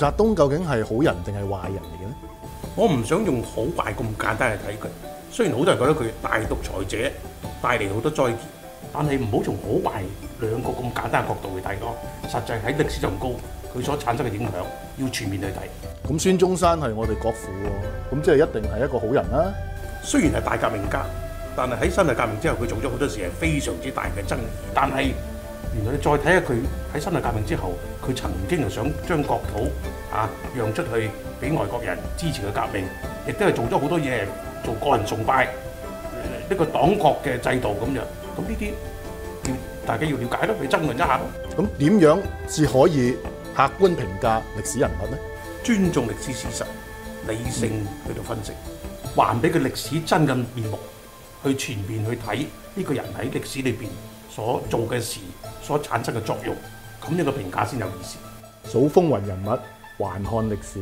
毛澤東究竟係好人定係壞人嚟嘅咧？我唔想用好壞咁簡單去睇佢。雖然好多人覺得佢大獨裁者，帶嚟好多災劫，但係唔好從好壞兩個咁簡單嘅角度去睇咯。實際喺歷史上高佢所產生嘅影響，要全面去睇。咁孫中山係我哋國父，咁即係一定係一個好人啦、啊。雖然係大革命家，但係喺辛亥革命之後，佢做咗好多事係非常之大嘅爭議。但係原來你再睇下佢喺辛亥革命之後，佢曾經又想將國土。啊！讓出去俾外國人支持嘅革命，亦都係做咗好多嘢，做個人崇拜，一、呃這個黨國嘅制度咁樣。咁呢啲大家要了解咯，要爭論一下咯。咁點樣至可以客觀評價歷史人物咧？尊重歷史事實，理性去度分析，還俾佢歷史真嘅面目，去全面去睇呢個人喺歷史裏邊所做嘅事，所產生嘅作用。咁樣嘅評價先有意思。數風雲人物。還看歷史。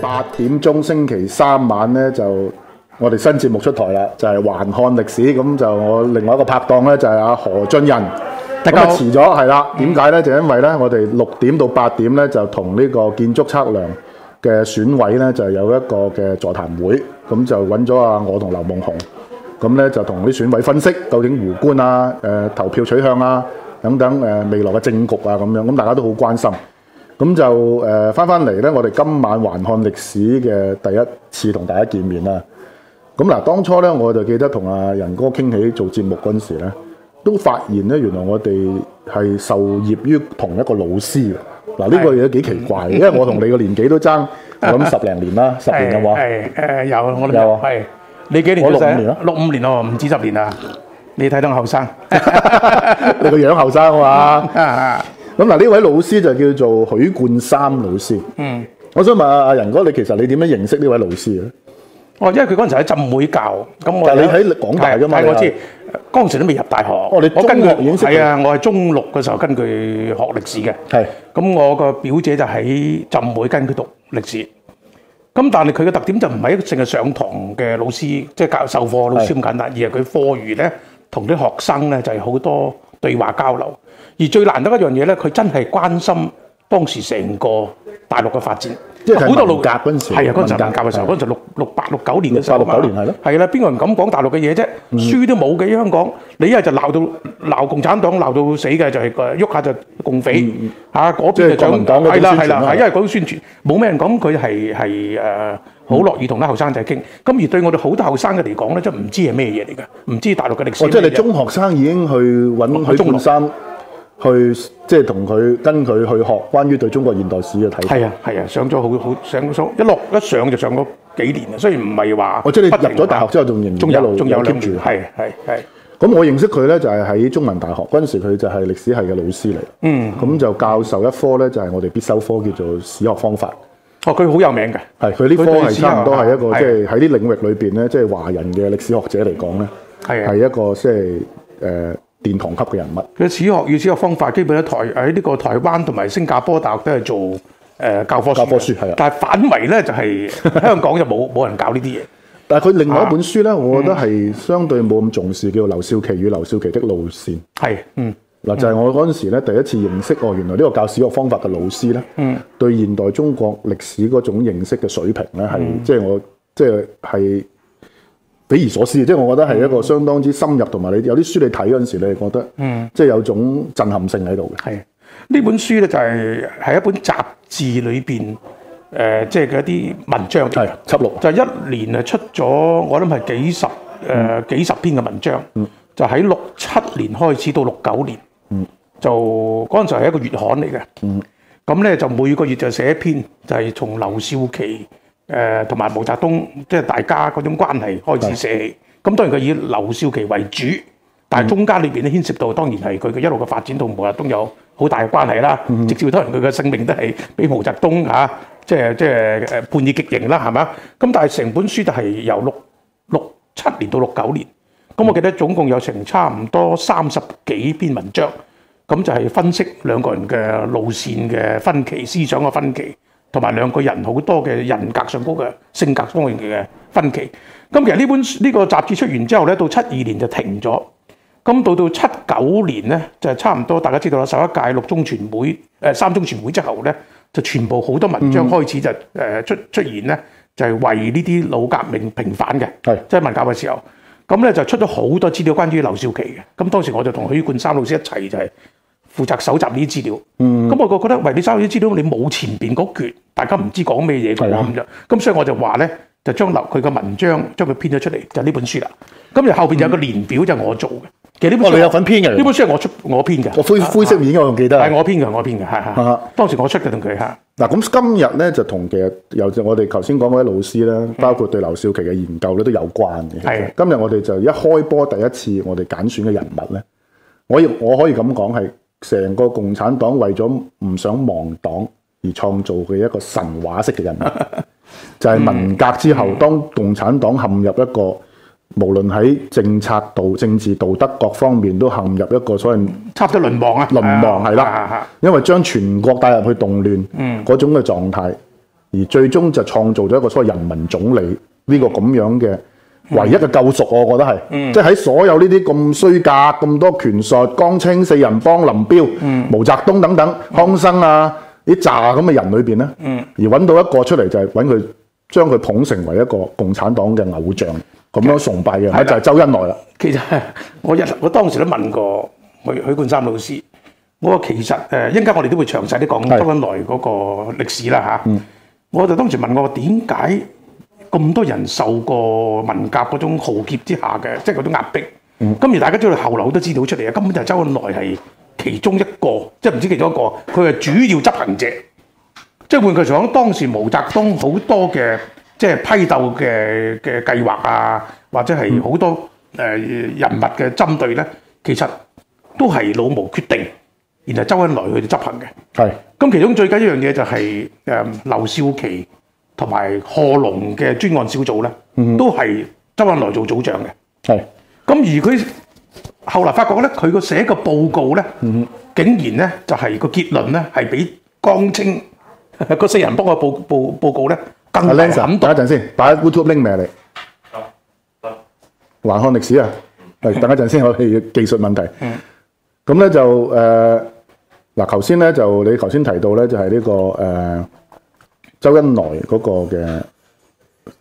八點鐘星期三晚咧就我哋新節目出台啦，就係、是、還看歷史。咁就我另外一個拍檔咧就係、是、阿何俊仁，大家遲咗係啦。點解咧就因為咧我哋六點到八點咧就同呢個建築測量。嘅選委咧就有一個嘅座談會，咁就揾咗啊我同劉夢熊，咁咧就同啲選委分析究竟胡官啊、誒、呃、投票取向啊等等誒、呃、未來嘅政局啊咁樣，咁大家都好關心。咁就誒返返嚟咧，我哋今晚還看歷史嘅第一次同大家見面啊！咁嗱，當初咧我就記得同阿仁哥傾起做節目嗰陣時咧，都發現咧原來我哋係受業於同一個老師。嗱，呢個嘢都幾奇怪，因為我同你個年紀都爭咁十零年啦，十年嘅話，係誒有，我有，係你幾年年曆？我六五年咯，六五年咯，唔止十年啊！你睇到後生，你個樣後生啊嘛！咁嗱，呢位老師就叫做許冠三老師。嗯，我想問阿仁哥，你其實你點樣認識呢位老師嘅？哦，因為佢嗰陣時喺浸會教，咁我你喺廣大㗎嘛？我知。當時都未入大學，我跟佢。係啊，我係中六嘅時候跟佢學歷史嘅。係，咁我個表姐就喺浸會跟佢讀歷史。咁但係佢嘅特點就唔係一個淨係上堂嘅老師，即係教授課老師咁簡單，而係佢課餘咧同啲學生咧就係好多對話交流。而最難得一樣嘢咧，佢真係關心當時成個大陸嘅發展。即係好多文革嗰陣時，係啊嗰時文革嘅時候，嗰陣時，是、啊時，是時是啊、六六八六,六九年嘅時候，六,六九年係咯，係啦、啊，邊個唔敢講大陸嘅嘢啫？書、嗯、都冇嘅香港，你一係就鬧到鬧共產黨鬧到死嘅、就是，就係喐下就共匪嚇嗰、嗯啊、邊就左聯、嗯、黨啦，係啦係啦，係、啊啊啊啊啊嗯、因為嗰啲宣傳冇咩人講，佢係係誒好樂意同啲後生仔傾。咁、嗯、而對我哋好多後生嘅嚟講咧，即係唔知係咩嘢嚟嘅，唔知大陸嘅歷史是。哦，即係你中學生已經去揾中學生。去即係同佢跟佢去學關於對中國現代史嘅睇法。係啊係啊，上咗好好上咗一落一上就上咗幾年啦。雖然唔係話我即係你入咗大學之後仲仍然一路仲、啊、有 keep 住係係係。咁我認識佢咧就係、是、喺中文大學嗰陣時，佢就係歷史系嘅老師嚟。嗯，咁就教授一科咧就係我哋必修科叫做史學方法。嗯、哦，佢好有名嘅。係佢呢科係差唔多係一個即係喺啲領域裏邊咧，即、就、係、是、華人嘅歷史學者嚟講咧，係、啊、一個即係誒。呃殿堂級嘅人物，佢《史學與史學方法》，基本喺台喺呢個台灣同埋新加坡大學都係做誒教科書，教科書係啊。但係反而咧就係、是、 香港就冇冇人教呢啲嘢。但係佢另外一本書咧、啊，我覺得係相對冇咁重視，嗯、叫《劉少奇與劉少奇的路線》。係，嗯，嗱，就係、是、我嗰陣時咧，第一次認識哦，原來呢個教史學方法嘅老師咧，嗯，對現代中國歷史嗰種認識嘅水平咧，係即係我即係係。就是是匪夷所思，即係我覺得係一個相當之深入，同埋你有啲書你睇嗰陣時，你係覺得，嗯，即係有種震撼性喺度嘅。係呢本書咧，就係係一本雜誌裏邊，誒、呃，即係一啲文章。係輯錄就係、一年啊，出咗我諗係幾十誒、呃、幾十篇嘅文章。嗯，就喺六七年開始到六九年，嗯，就嗰陣時係一個月刊嚟嘅。嗯，咁咧就每個月就寫一篇，就係、係、從劉少奇。誒同埋毛澤東，即係大家嗰種關係開始寫。咁當然佢以劉少奇為主，但係中間裏邊咧牽涉到當然係佢嘅一路嘅發展同毛澤東有好大嘅關係啦。直至當然佢嘅性命都係俾毛澤東嚇，即係即係判以極刑啦，係嘛？咁但係成本書都係由六六七年到六九年。咁我記得總共有成差唔多三十幾篇文章。咁就係分析兩個人嘅路線嘅分歧、思想嘅分歧。同埋兩個人好多嘅人格上高嘅性格方面嘅分歧。咁其實呢本呢個雜誌出完之後咧，到七二年就停咗。咁到到七九年咧，就差唔多大家知道啦，十一屆六中全會、呃、三中全會之後咧，就全部好多文章開始就出、嗯、出、出、出現咧，就係、是、為呢啲老革命平反嘅。即係、就是、文革嘅時候，咁咧就出咗好多資料關於劉少奇嘅。咁當時我就同許冠三老師一齊就係、是。負責搜集呢啲資料，咁、嗯、我覺覺得喂，你收嗰啲資料你冇前邊嗰卷，大家唔知講咩嘢咁樣，咁所以我就話咧，就將留佢嘅文章，將佢編咗出嚟，就呢、是、本書啦。今日後邊有個年表就我做嘅。其實呢本書我哋、哦、有份編嘅。呢本書係我出我編嘅。灰灰色面我仲記得。係我編嘅，我編嘅，係係。當、啊、時我出嘅同佢嚇。嗱咁今日咧就同其實其我哋頭先講嗰位老師咧、嗯，包括對劉少奇嘅研究咧都有關嘅。係。今日我哋就一開波第一次我哋揀選嘅人物咧，我亦我可以咁講係。成個共產黨為咗唔想亡黨而創造嘅一個神話式嘅人物，就係文革之後，當共產黨陷入一個無論喺政策、政治、道德各方面都陷入一個所謂差不多淪亡啊，淪亡係啦，因為將全國帶入去動亂嗰種嘅狀態，而最終就創造咗一個所謂人民總理呢個咁樣嘅。唯一嘅救贖，我覺得係、嗯，即係喺所有呢啲咁衰格、咁多權術、江青四人幫、林彪、嗯、毛澤東等等、康生啊，啲渣咁嘅人裏邊咧，而揾到一個出嚟就係揾佢將佢捧成為一個共產黨嘅偶像，咁樣崇拜嘅，就係、是、周恩來啦。其實我一我當時都問過許許冠三老師，我話其實一陣間我哋都會詳細啲講周恩來嗰個歷史啦嚇、嗯。我就當時問我點解？為什麼咁多人受過文革嗰種浩劫之下嘅，即係嗰種壓迫。咁、嗯、而大家知道後嚟，好多資料出嚟啊，根本就係周恩來係其中一個，即係唔知其中一個，佢係主要執行者。即係換句話講，當時毛澤東好多嘅即係批鬥嘅嘅計劃啊，或者係好多人物嘅針對咧、嗯，其實都係老毛決定，然後周恩來去執行嘅。係。咁其中最緊要一樣嘢就係誒劉少奇。同埋賀龍嘅專案小組咧，都係周恩來做組長嘅。係咁而佢後嚟發覺咧，佢個寫個報告咧，竟然咧就係個結論咧係比江青個四人幫我報報報告咧更加感、啊、等一陣先，擺喺 YouTube link 埋嚟。得得，還看歷史啊！嚟等一陣先，我哋嘅技術問題。咁咧就誒嗱，頭先咧就你頭先提到咧，就係呢個誒。周恩來嗰個嘅，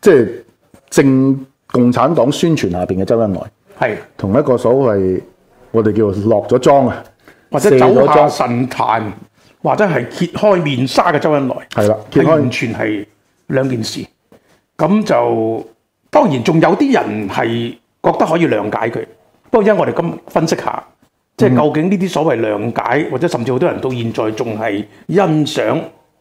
即係正共產黨宣傳下邊嘅周恩來，係同一個所謂我哋叫做落咗妝啊，或者走下神壇，或者係揭開面紗嘅周恩來，係啦，完全係兩件事。咁就當然仲有啲人係覺得可以諒解佢，不過因為我哋噉分析一下，嗯、即係究竟呢啲所謂諒解，或者甚至好多人到現在仲係欣賞，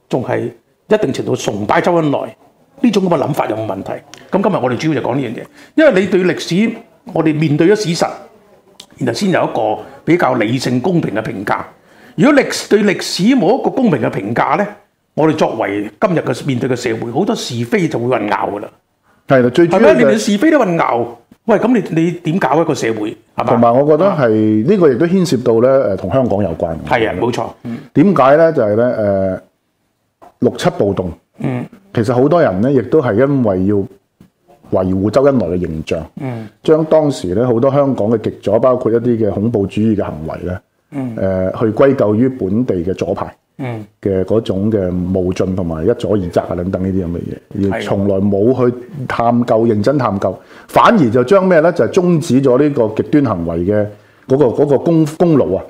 仲係。一定程度崇拜周恩來呢種咁嘅諗法有冇問題？咁今日我哋主要就講呢樣嘢，因為你對歷史，我哋面對咗事實，然後先有一個比較理性公平嘅評價。如果歷對歷史冇一個公平嘅評價呢，我哋作為今日嘅面對嘅社會，好多是非就會混淆噶啦。係啊，最主要係咩？你連是非都混淆，喂，咁你你點搞一個社會？係嘛？同埋我覺得係呢個亦都牽涉到呢誒同香港有關。係啊，冇錯。點解呢？就係呢誒。六七暴動，其實好多人咧，亦都係因為要維護周恩來嘅形象，將當時咧好多香港嘅極左，包括一啲嘅恐怖主義嘅行為咧，誒、嗯呃、去歸咎於本地嘅左派嘅嗰、嗯、種嘅冒進同埋一左二窄啊！等等呢啲咁嘅嘢，而從來冇去探究、認真探究，反而就將咩咧，就係、是、終止咗呢個極端行為嘅嗰、那個那個功功勞啊，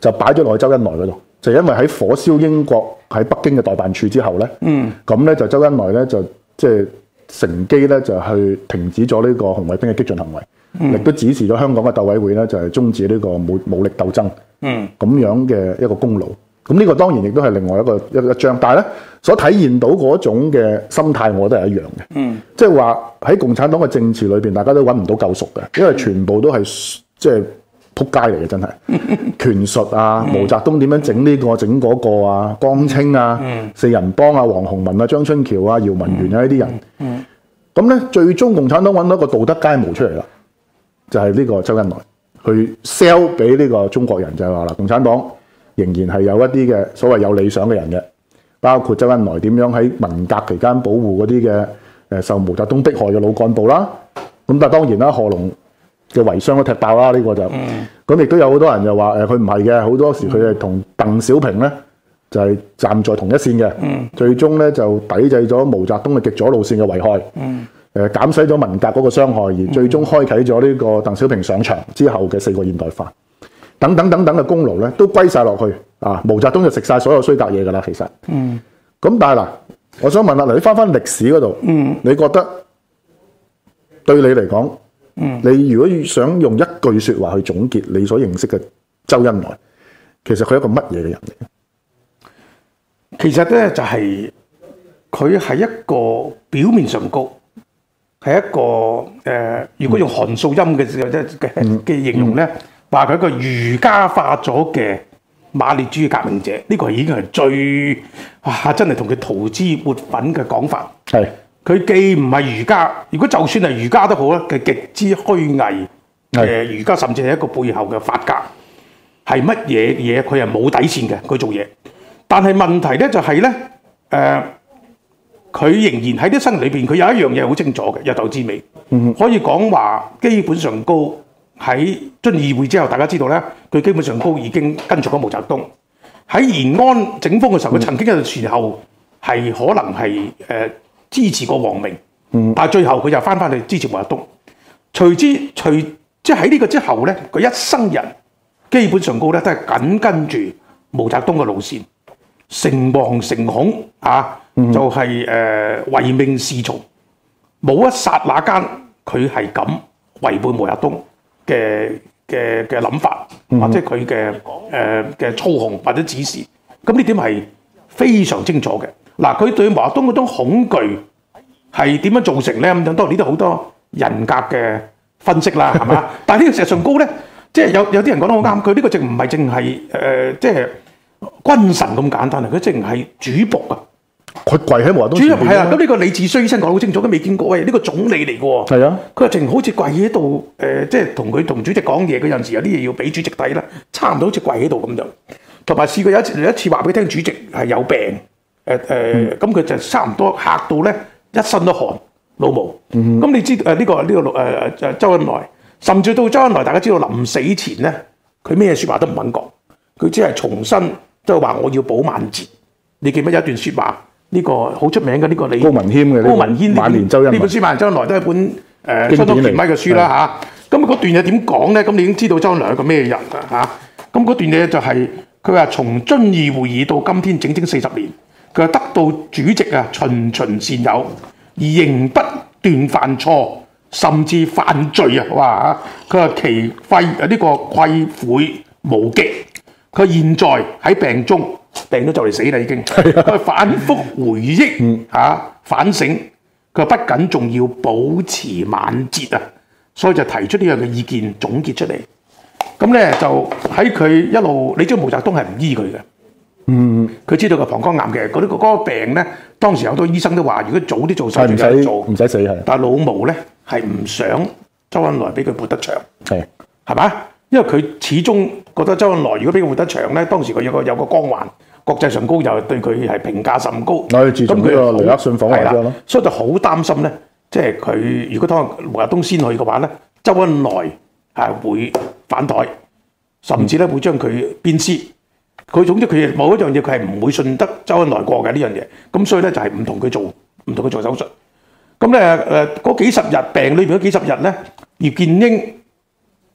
就擺咗落去周恩來嗰度。就因為喺火燒英國喺北京嘅代辦處之後咧，咁、嗯、咧就周恩來咧就即係、就是、乘機咧就去停止咗呢個紅衛兵嘅激進行為，亦、嗯、都指示咗香港嘅鬥委會咧就係終止呢個武武力鬥爭，咁、嗯、樣嘅一個功勞。咁呢個當然亦都係另外一個一個仗，但係咧所體現到嗰種嘅心態，我覺得係一樣嘅。即係話喺共產黨嘅政治裏邊，大家都揾唔到救贖嘅，因為全部都係即係。就是扑街嚟嘅真係，權術啊，毛澤東點樣整呢，這個整嗰個啊，江青啊，四人幫啊，黃洪文啊，張春橋啊，姚文元啊呢啲人，咁呢， 最終共產黨揾到個個道德楷模出嚟啦，就係、是、呢個周恩來去 sell 俾呢個中國人，就係話啦共產黨仍然係有一啲嘅所謂有理想嘅人嘅，包括周恩來點樣喺文革期間保護嗰啲嘅受毛澤東迫害嘅老幹部啦，咁但係當然啦，賀龍。嘅遺傷都踢爆啦！呢、這個就咁，亦、嗯、都有好多人又話：誒、呃，佢唔係嘅，好多時佢係同鄧小平咧，就係、是、站在同一線嘅、嗯。最終咧就抵制咗毛澤東嘅極左路線嘅危害，誒減少咗文革嗰個傷害，而最終開啟咗呢個鄧小平上場之後嘅四個現代化等等等等嘅功勞咧，都歸晒落去啊！毛澤東就食晒所有衰格嘢噶啦，其實。咁、嗯、但係嗱、呃，我想問啦，你翻翻歷史嗰度、嗯，你覺得對你嚟講？嗯，你如果想用一句說話去總結你所認識嘅周恩來，其實佢係一個乜嘢嘅人嚟？其實咧就係佢係一個表面上高，係一個誒、呃，如果用韓素音嘅嘅嘅嘅形容咧，話、嗯、佢、嗯嗯、係一個儒家化咗嘅馬列主義革命者，呢、這個係已經係最哇、啊，真係同佢塗脂抹粉嘅講法係。佢既唔係儒家，如果就算係儒家都好咧，佢極之虛偽。誒、呃，儒家甚至係一個背後嘅法家，係乜嘢嘢？佢係冇底線嘅，佢做嘢。但係問題咧就係、是、咧，誒、呃，佢仍然喺啲心裏邊，佢有一樣嘢好清楚嘅，有鬥志味。可以講話，基本上高喺遵義會之後，大家知道咧，佢基本上高已經跟隨咗毛澤東。喺延安整風嘅時候，佢曾經有時候係可能係誒。呃支持過王明，但最後佢就翻返去支持毛澤東。隨之隨即喺呢個之後咧，佢一生人基本上個咧都係緊跟住毛澤東嘅路線，誠惶誠恐啊，嗯、就係誒唯命是從，冇一剎那間佢係咁違背毛澤東嘅嘅嘅諗法，或者佢嘅誒嘅操控或者指示，咁呢點係，非常清楚嘅，嗱佢對毛澤東嗰種恐懼係點樣造成咧咁樣？當然都好多人格嘅分析啦，係咪、 呃、啊？但係呢個石上高咧，即係有有啲人講得好啱，佢呢個就唔係淨係誒即係君臣咁簡單啊！佢淨係主僕啊！佢跪喺毛澤東主席係啦，咁呢個李志綏醫生講得好清楚，都未見過。喂，呢個總理嚟㗎喎。係啊。佢係淨好似跪喺度誒，即係同佢同主席講嘢嗰陣時，有啲嘢要俾主席睇啦，差唔多好似跪喺度咁就。同埋試過有一次，有一次話俾你聽主席係有病，誒、嗯、誒，咁、呃、佢就差唔多嚇到咧，一身都汗，老毛。咁、嗯嗯、你知誒？呢、這個呢、這個誒誒、呃、周恩來，甚至到周恩來大家知道臨死前咧，佢咩説話都唔肯講，佢只係重申，即係話我要保晚節。你記唔記得有一段説話？呢、這個好出名嘅，呢、這個李。高文謙嘅高文謙晚年周，呢本書晚年周恩來都係本誒、呃、經典嚟咪嘅書啦嚇。咁、啊、嗰段嘢點講咧？咁你已經知道周恩來係個咩人啦嚇。咁、啊、嗰段嘢就係、是。佢話從遵義會議到今天整整四十年，佢話得到主席啊循循善誘，仍不斷犯錯甚至犯罪啊！哇嚇！佢話其愧啊，呢個愧悔無極。佢現在喺病中，病都就嚟死啦已經。佢 反覆回憶嚇、 啊、反省，佢不僅仲要保持晚節啊，所以就提出呢樣嘅意見總結出嚟。咁咧就喺佢一路，你知道毛澤東係唔醫佢嘅，嗯，佢知道個膀胱癌嘅嗰啲嗰個病咧，當時好多醫生都話，如果早啲做手術唔使做，唔使死係。但老毛咧係唔想周恩來俾佢活得長，係係嘛？因為佢始終覺得周恩來如果俾佢活得長咧，當時佢有個有個光環，國際上高又對佢係評價甚高。咁佢尼克遜訪華係啦，所以就好擔心咧，即係佢如果當毛澤東先去嘅話咧，周恩來……係、啊、會反台，甚至咧會將佢鞭屍。佢總之佢某一樣嘢，佢係唔會信得周恩來過嘅呢樣嘢。咁所以咧就係唔同佢做，唔同佢做手術。咁咧誒嗰幾十日病裏邊嗰幾十日咧，葉劍英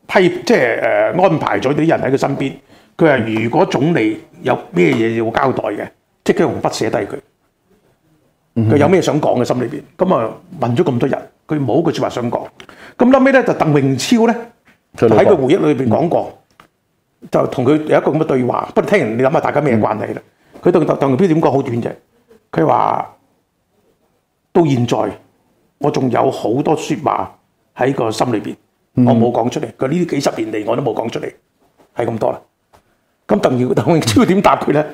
批即係誒安排咗啲人喺佢身邊。佢話如果總理有咩嘢要交代嘅，即刻用筆寫低佢。佢有咩想講嘅心裏邊。咁啊問咗咁多人。佢冇一句話想講。咁臨尾咧就鄧穎超咧。喺佢回憶裏邊講過，嗯、就同佢有一個咁嘅對話。不、嗯、過聽人你諗下，大家咩關係啦？佢同鄧穎超點講好短啫。佢話到現在，我仲有好多說話喺個心裏邊，我冇講出嚟。佢呢啲幾十年嚟我都冇講出嚟，係咁多啦。咁鄧穎鄧穎超點答佢咧？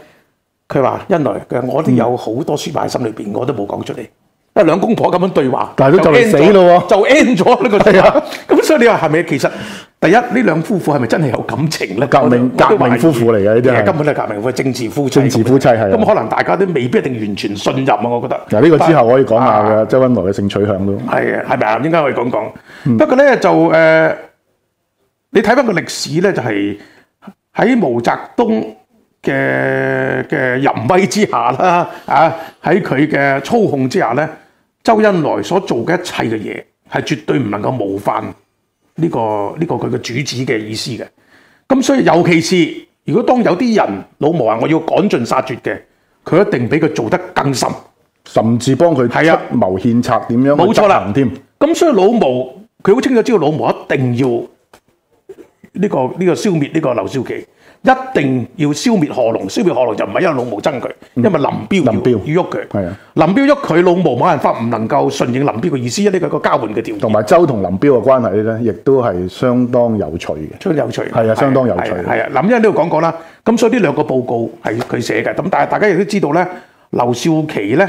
佢、嗯、話，一來我哋有好多說話喺心裏邊，我都冇講出嚟。即兩公婆咁樣對話，但係都就嚟死咯，就 end 咗呢個係啊。咁、啊、 所以你話係咪？其實。第一呢兩夫婦係咪真係有感情咧？革命革命夫婦嚟嘅呢啲啊，根本係革命夫妻，政治夫妻。政治夫妻係咁，可能大家都未必一定完全信任啊。我覺得嗱，呢個之後我可以講下嘅，周恩來嘅性取向都係啊，係咪啊？應該可以講講。嗯、不過咧，就誒、呃，你睇翻個歷史咧，就係、是、喺毛澤東嘅嘅淫威之下啦，啊喺佢嘅操控之下咧，周恩來所做嘅一切嘅嘢，係絕對唔能夠冒犯。呢個這個佢嘅、這個、主旨嘅意思嘅，咁所以尤其是如果當有啲人老毛話我要趕盡殺絕嘅，佢一定比佢做得更深，甚至幫佢出謀獻策點樣嘅，冇錯喇，咁所以老毛佢好清楚知道老毛一定要呢、這個呢、這個消滅呢個劉少奇。一定要消滅賀龍，消滅賀龍就唔係因為老毛憎佢，因為林彪要喐佢。係啊，林彪喐佢，老毛冇辦法唔能夠順應林彪嘅意思，一啲嘅個交換嘅條件。同埋周同林彪嘅關係咧，亦都係相當有趣嘅，真係有趣。係啊，相當有趣的的。係啊，林因為呢度講講啦，咁所以呢兩個報告係佢寫嘅。咁但係大家亦都知道咧，劉少奇咧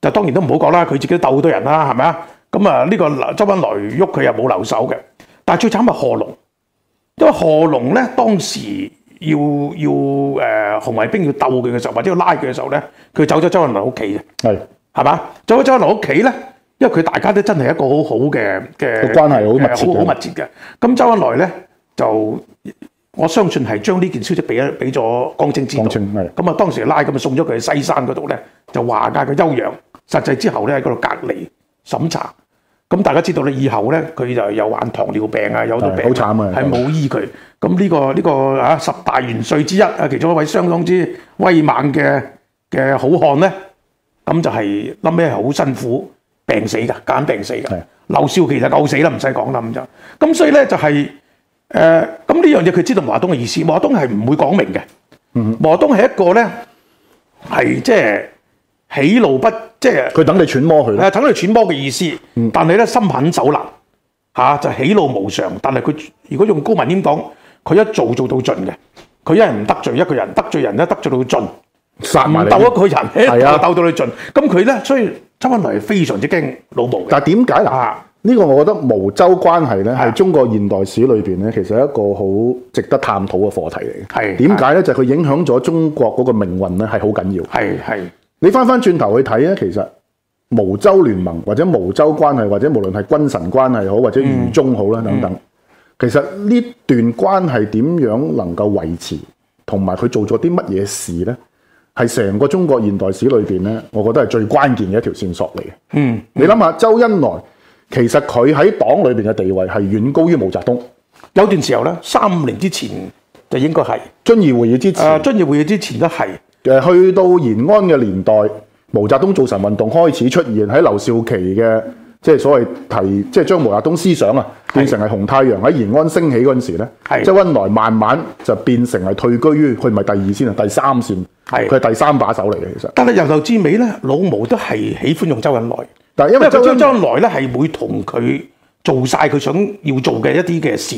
就當然都唔好講啦，佢自己鬥好多人啦，係咪啊？咁啊呢個周恩來喐佢又冇留守嘅，但係最慘係賀龍，因為賀龍咧當時。要要誒紅衛兵要鬥佢嘅時候，或者要拉佢嘅時候咧，佢走咗周恩來屋企嘅，係係嘛？走咗周恩來屋企咧，因為佢大家都真係一個好好嘅嘅關係，好密切嘅，好、呃、好密切嘅。咁周恩來咧就我相信係將呢件消息俾咗俾咗江青知道咁啊，當時拉咁啊，送咗佢去西山嗰度咧，就話嗌佢休養。實際之後咧喺嗰度隔離審查。咁大家知道你以後咧佢就又患糖尿病啊，有好多病，好慘啊，係冇醫佢。咁呢、呢個呢、呢個啊十大元帥之一啊，其中一位相當之威猛嘅嘅好漢咧，咁就係諗咩好辛苦病死噶，揀病死噶。劉少奇就鬥死啦，唔使講啦咁樣。咁所以咧就係、是、誒，咁呢樣嘢佢知道毛澤東嘅意思，毛澤東係唔會講明嘅。嗯，毛澤東係一個咧係即係。是就是喜怒不即係佢等你揣摩佢咧、啊，等你揣摩嘅意思。嗯、但係咧心狠手辣，吓、啊、就喜怒無常。但係佢如果用高文謙講，佢一做做到盡嘅，佢一人唔得罪一個人，得罪人咧得罪到盡，唔鬥一個人係啊，鬥到你盡。咁佢咧，所以周恩來係非常之驚老毛的，但。但係點解嗱？呢個我覺得毛周關係咧，係、啊、中國現代史裏邊咧，其實一個好值得探討嘅課題嚟嘅。係點解咧？是啊、就係佢影響咗中國嗰個命運咧，係好緊要。係係。你翻翻轉頭去睇咧，其實毛周聯盟或者毛周關係或者無論係君臣關係好或者御中好啦等等，其實呢段關係點樣能夠維持，同埋佢做咗啲乜嘢事呢？係成個中國現代史裏邊呢，我覺得係最關鍵嘅一條線索嚟嘅。嗯，你諗下，周恩來其實佢喺黨裏邊嘅地位係遠高於毛澤東。有段時候呢，三五年之前就應該係遵義會議之前。啊，遵義會議之前都係。誒去到延安嘅年代，毛澤東造神運動開始出現喺劉少奇嘅，即係所謂提，即係將毛澤東思想啊變成係紅太陽喺延安升起嗰陣時咧，即係周恩來慢慢就變成係退居於佢唔係第二線啊，第三線，佢係第三把手嚟嘅其實。但係由頭至尾咧，老毛都係喜歡用周恩來，但係因為佢知道周恩來咧係會同佢做晒佢想要做嘅一啲嘅事。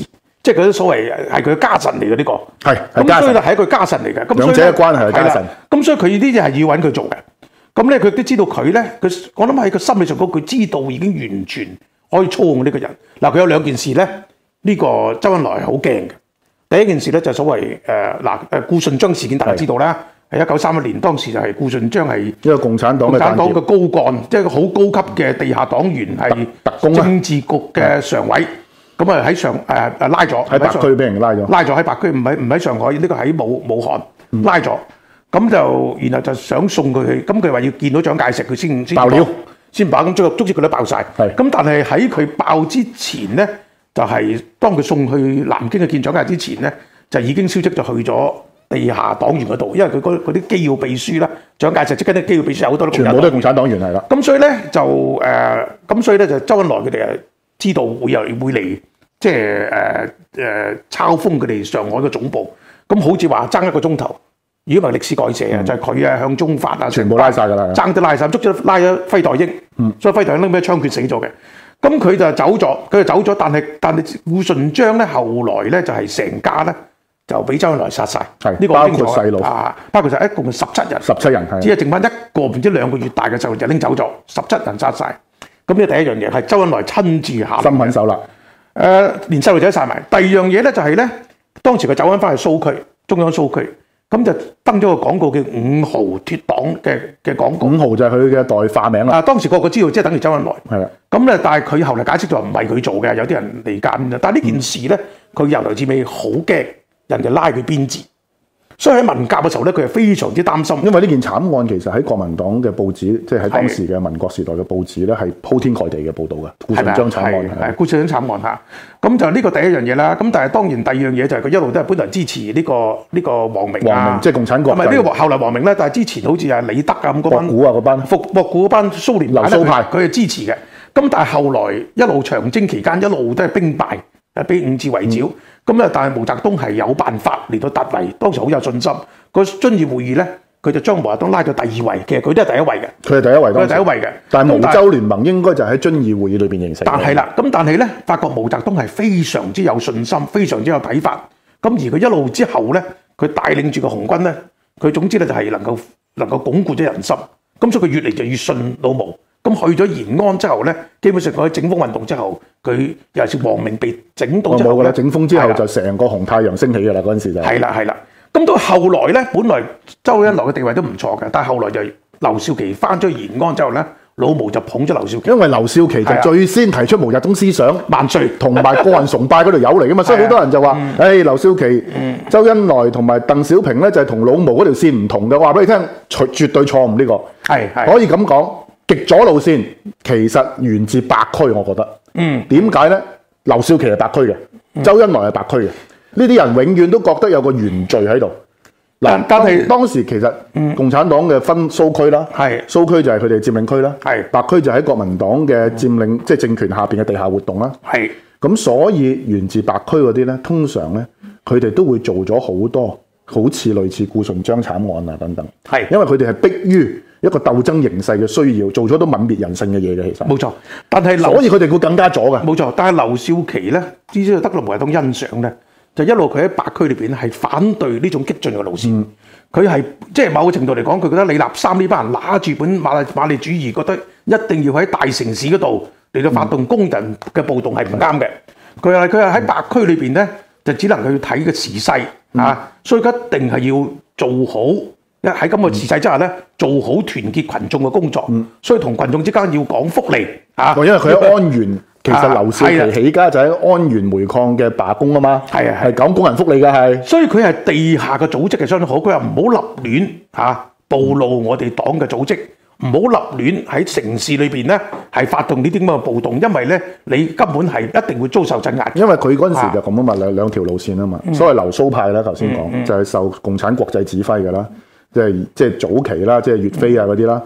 即係佢所謂係佢家臣嚟嘅呢個，係咁所以係一個家臣嚟嘅。兩者嘅關係，家臣。咁所以佢呢啲嘢係要揾佢做嘅。咁咧佢都知道佢咧，佢我諗喺佢心理上佢知道已經完全可以操控呢個人。嗱，佢有兩件事咧，呢、這個周恩來係好驚嘅。第一件事咧就所謂誒嗱誒顧順章事件，大家知道啦，係一九三一年，當時就係顧順章係一個共產黨嘅共產黨嘅高幹，即係一個好高級嘅地下黨員，係特,特工啊，政治局嘅常委。嗯咁啊喺上誒、呃、拉咗喺白區俾人拉咗，拉咗喺白區唔喺唔喺上海呢、呢個喺武武漢拉咗，咁、嗯、就然後就想送佢去，咁佢話要見到蔣介石佢先先爆，先把咁最後終於佢都爆晒。咁，但係喺佢爆之前咧，就係、是、當佢送去南京去見蔣介石之前咧，就已經消息就去咗地下黨員嗰度，因為佢嗰啲機要秘書啦，蔣介石即刻啲機要秘書有好多有，全部都係共產黨員嚟啦。咁所以咧就咁、呃、所以咧就周恩來佢哋。知道會嚟會嚟，即係誒誒抄封佢哋上海嘅總部，咁好似話爭一個鐘頭。如果唔係歷史改寫啊、嗯，就係佢啊向忠發啊，全部，全部拉晒㗎啦，爭都拉晒，捉咗拉咗惲代英，嗯，所以惲代英拎咗槍決死咗嘅。咁佢就走咗，佢就走咗，但係但係顧順章咧，後來咧就係成家咧就俾周恩來殺晒。係呢、呢個包括細路啊，包括就一共十七人，十七人只係剩翻一個唔知兩個月大嘅細路就拎走咗，十七人殺晒。咁呢第一樣嘢係周恩來親自下，心狠手辣，誒、呃、連細路仔都殺埋。第二樣嘢呢就係、是、呢，當時佢走返返去蘇區，中央蘇區，咁就登咗個廣告叫五號脱黨嘅嘅廣告。五號就係佢嘅代化名、啊、當時當時個個知道，即、就、係、是、等於周恩來。係啦。但係佢後嚟解釋就不唔係佢做嘅，有啲人離間但這呢件事呢，佢、嗯、由頭至尾好驚，人哋拉佢編字。所以喺文革嘅時候咧，佢係非常之擔心，因為呢件慘案其實喺國民黨嘅報紙，即係喺當時嘅民國時代嘅報紙咧，係鋪天蓋地嘅報道嘅。顧順章慘案係，顧順章慘案吓，咁就呢個第一樣嘢啦。咁、啊、但係當然第二樣嘢就係佢一路都係本來支持呢、這個呢、這個王明啊，王明即係共產國際。咁啊呢個後嚟王明咧，但係、啊、支持好似係李德啊咁嗰班，博古啊嗰班，博博古嗰班蘇聯派佢係支持嘅。咁但係後來一路長征期間一路都係兵敗，被五次圍剿。嗯但係毛澤東係有辦法嚟到突圍，當時好有信心。個遵義會議呢，佢就將毛澤東拉到第二位，其實佢都係第一位嘅。佢係第一位,都係第一位嘅。但係毛周聯盟應該就喺遵義會議裏面認識。但係啦，咁但係咧，發覺毛澤東係非常之有信心，非常之有睇法。咁而佢一路之後呢，佢帶領住個紅軍呢，佢總之咧就係能夠能夠鞏固咗人心。咁所以佢越嚟就越信老毛。咁去咗延安之後呢，基本上佢喺整風運動之後，佢又係王明被整到之後咧、哦，整風之後就成個紅太陽升起㗎喇。嗰陣時候就係啦係啦。咁到後來呢，本來周恩來嘅地位都唔錯㗎、嗯。但係後來就劉少奇返咗延安之後呢，老毛就捧咗劉少奇，因為劉少奇就最先提出毛澤東思想、萬歲同埋個人崇拜嗰條友嚟㗎嘛，所以好多人就話，誒、嗯欸、劉少奇、嗯、周恩來同埋鄧小平呢，就係同老毛嗰條線唔同嘅。我話俾你聽，絕對錯誤呢、呢個可以咁講。極左路線其實源自白區，我覺得。嗯。點解呢？劉少奇係白區嘅、嗯，周恩來係白區嘅，呢啲人永遠都覺得有個原罪喺度。但但係當時其實共產黨嘅分蘇區啦，係蘇區就係佢哋佔領區啦，係白區就喺國民黨嘅佔領，嗯、即係政權下邊嘅地下活動啦，係。咁所以源自白區嗰啲呢，通常呢，佢哋都會做咗好多，好似類似顧順章慘案啊、等等，係，因為佢哋係迫於。一個鬥爭形勢的需要，做咗都泯滅人性的東西其實。冇錯，但是所以他們會更加左嘅。冇錯，但是劉少奇咧，至少德隆毛係當欣賞咧，就一路佢喺白區裏面是反對這種激進的路線。嗯、他是即係、就是、某個程度來講，他覺得李立三這班人拿着本馬列馬列主義，覺得一定要在大城市嗰度嚟到發動工人的暴動是唔啱的、嗯、他是在白區裏面咧，就只能去睇個時勢、嗯、啊，所以佢一定是要做好。喺咁嘅時勢之下咧，做好團結群眾嘅工作。嗯、所以同群眾之間要講福利啊！因為佢喺安源，其實劉少奇起家就喺安源煤礦嘅罷工啊嘛。係啊，係講工人福利嘅係。所以佢係地下嘅組織係相當好，佢又唔好立亂嚇，暴露我哋黨嘅組織，唔好立亂喺城市裏邊咧，係發動呢啲咁嘅暴動，因為咧你根本係一定會遭受鎮壓。因為佢嗰陣時就咁啊嘛，兩兩條路線啊嘛。所謂留蘇派啦，頭先講就係、是、受共產國際指揮嘅啦。即係早期啦，即係岳飛啊嗰啲啦，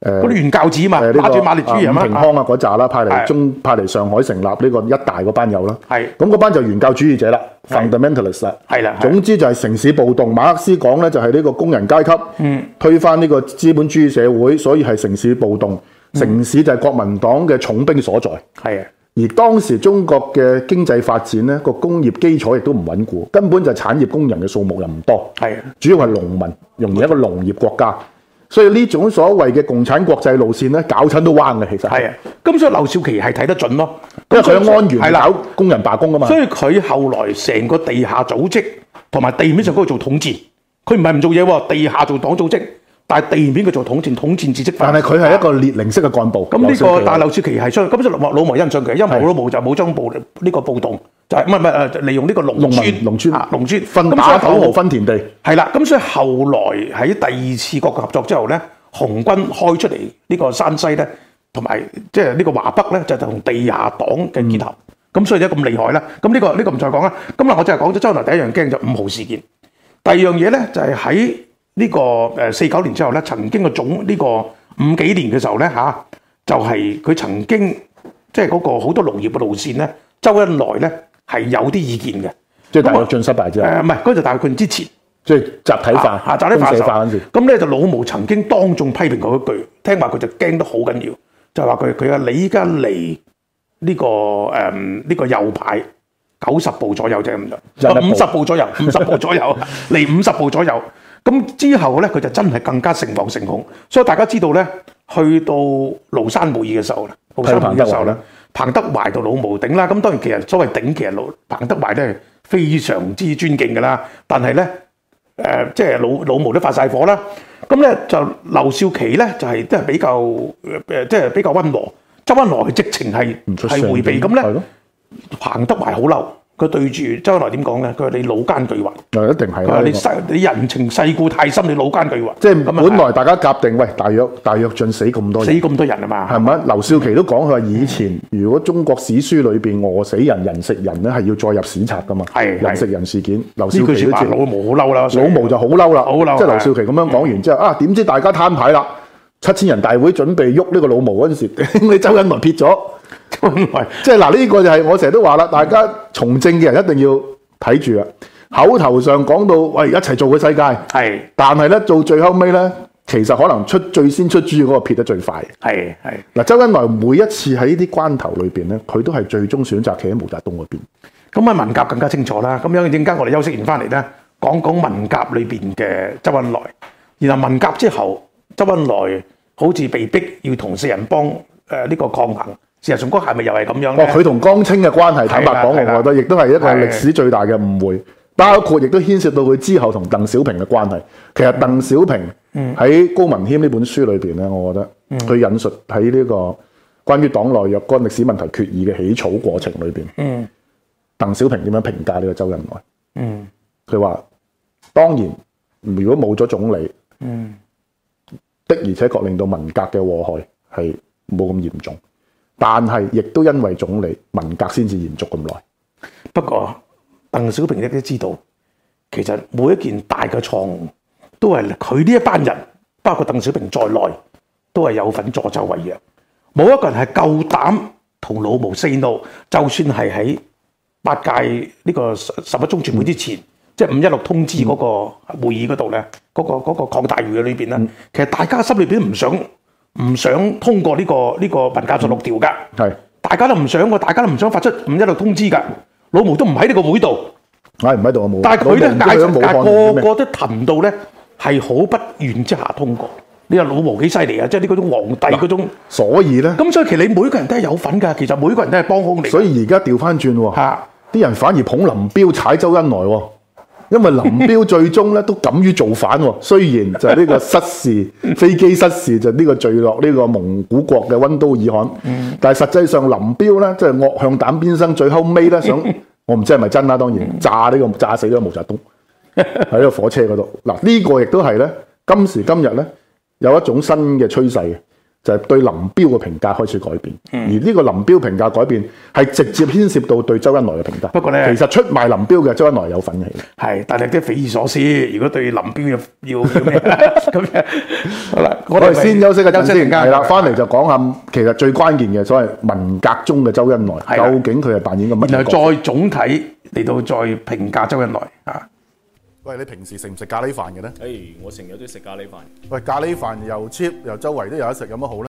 誒嗰啲原教旨、呢個、啊，打轉馬列主義啊，平康啊嗰扎啦，派嚟中派嚟上海成立呢個一大嗰班友啦，係咁嗰班就原教主義者啦，fundamentalists 係啦，總之就係城市暴動。馬克思講咧就係呢個工人階級推翻呢個資本主義社會，所以係城市暴動。係城市就係國民黨嘅重兵所在，係啊。而當時中國嘅經濟發展咧，個工業基礎亦都唔穩固，根本就產業工人嘅數目又唔多是，主要係農民，用嘅一個農業國家，所以呢種所謂嘅共產國際路線搞親都彎嘅其實，啊，咁所以劉少奇係睇得準咯，因為佢喺安源搞工人罷工啊嘛，所以佢後來成個地下組織同埋地面上嗰度做統治，佢唔係唔做嘢喎，地下做黨組織。但係突然間佢做統戰，統戰組織，但係佢係一個列寧式嘅幹部。咁呢個大是，大漏劉少奇出去。咁所以老毛老毛欣賞佢，因為冇冇就冇將暴呢個暴動，就係唔係唔係誒，利用呢個農村、農村、農村分、啊、打土豪、分田地。係啦，咁所以後來喺第二次國共合作之後咧，紅軍開出嚟，呢個山西咧，同埋即係呢個華北咧、嗯這個這個，就同地下黨嘅結合。咁所以而家咁厲害咧，咁呢個呢個唔再講啦。今日我就係講咗周恩來第一樣驚就伍豪事件，第二樣嘢咧就係喺。呢、這個誒四九年之後咧，曾經嘅總呢、這個五幾年嘅時候咧吓、啊，就係、是、佢曾經即係嗰個好多農業嘅路線咧，周恩來咧係有啲意見嘅，即係大躍進失敗之後，誒唔係嗰陣大躍進之前，即係集體化、啊、集體化時公社化咁咧，就老毛曾經當眾批評過一句，聽話佢就驚得好緊要，就係話佢佢話你依家嚟呢個誒呢、嗯這個右派九十步左右啫，咁就五十步左右五十步左右嚟五十步左右。 咁之後咧，佢就真係更加誠惶誠恐，所以大家知道咧，去到廬山會議嘅時候啦，廬山會議嘅時候咧，彭德懷到老毛頂啦，咁當然其實所謂頂，其實老彭德懷咧係非常之尊敬嘅啦，但係咧，誒、呃、即係老老毛都發晒火啦，咁咧就劉少奇咧就係都係比較誒即係比較溫和，周恩來直情係係迴避，咁咧彭德懷好嬲。佢對住周恩來點講呢？佢話你老奸巨猾，一定係。佢話你、這個、你人情世故太深，你老奸巨猾。咁本來大家夾定喂，大約大約盡死咁多人，死咁多人啊嘛。係咪？劉少奇都講佢話以前，如果中國史書裏面餓死人人食人是係要再入史冊的嘛是的。人食人事件，劉少奇說話：老毛好嬲啦，老毛就好嬲啦，好嬲。即、就、係、是、劉少奇咁樣講完之後，啊點知大家攤牌啦？七千人大會準備喐呢個老毛嗰陣時候，周恩來撇咗唔係，即係嗱，呢 個就係、是、我成日都話啦，大家從政嘅人一定要睇住啦。口頭上講到喂，一齊做個世界，係，但係咧，到最後尾咧，其實可能出最先出主意嗰個撇得最快。係係嗱，周恩來每一次喺呢啲關頭裏邊咧，佢都係最終選擇企喺毛澤東嗰邊。咁啊，文革更加清楚啦。咁樣，陣間我哋休息完翻嚟咧，講講文革裏邊嘅周恩來，然後文革之後。周恩來好似被逼要同四人幫誒呢個抗衡，事實上嗰係咪又係咁樣咧？哦，佢同江青嘅關係，坦白講，我覺得亦都係一個歷史最大嘅誤會，包括亦都牽涉到佢之後同鄧小平嘅關係的。其實鄧小平喺高文謙呢本書裏邊咧，我覺得佢引述喺呢個關於黨內若干歷史問題決議嘅起草過程裏邊，鄧小平點樣評價呢個周恩來？嗯，佢話當然如果冇咗總理。的而且確令到文革嘅禍害係冇咁嚴重，但係亦都因為總理文革先至延續咁耐。不過鄧小平亦都知道，其實每一件大嘅錯誤都係佢呢一班人，包括鄧小平在內，都係有份助紂為虐。冇一個人係夠膽同老毛 say no，就算係喺八屆呢個十一中全會之前。即係五一六通知嗰個會議嗰度咧，嗰、嗯那個嗰、那個、擴大會嘅裏邊咧，其實大家心裏邊唔想唔想通過呢個呢個《文革十六條》㗎、嗯，係大家都唔想㗎，大家都唔想，想發出五一六通知㗎。老毛都唔喺呢個會度，係唔喺度啊！冇，但係佢咧，大個個都談到咧，係好不願之下通過。你話老毛幾犀利啊！即係呢嗰種皇帝嗰種，所以咧，咁所以其實你每個人都係有份㗎，其實每個人都係幫兇嚟。所以而家調翻轉喎，啲人反而捧林彪踩周恩來喎。因為林彪最終咧都敢於造反，雖然就係呢個失事飛機失事就呢個墜落呢個蒙古國嘅温都爾汗，但係實際上林彪咧即係惡向膽邊生，最後尾咧想，我唔知係咪真啦，當然炸呢個炸死咗毛澤東喺呢個火車嗰度。嗱，呢個亦都係咧今時今日咧有一種新嘅趨勢嘅。就係、是、對林彪嘅評價開始改變，嗯、而呢個林彪評價改變係直接牽涉到對周恩來嘅評價。不過咧，其實出賣林彪嘅周恩來有份嘅，係，但係啲匪夷所思。如果對林彪嘅要咩咁嘅， 好啦，我哋先休息啊，陣間先，係啦，返嚟就講下其實最關鍵嘅所謂文革中嘅周恩來，是究竟佢係扮演緊乜嘢？然後再總體嚟到再評價周恩來啊。喂，你平時食唔食咖喱飯嘅咧？誒、哎，我成日都食咖喱飯。喂，咖喱飯又 cheap 又周圍都有得食，有乜好咧？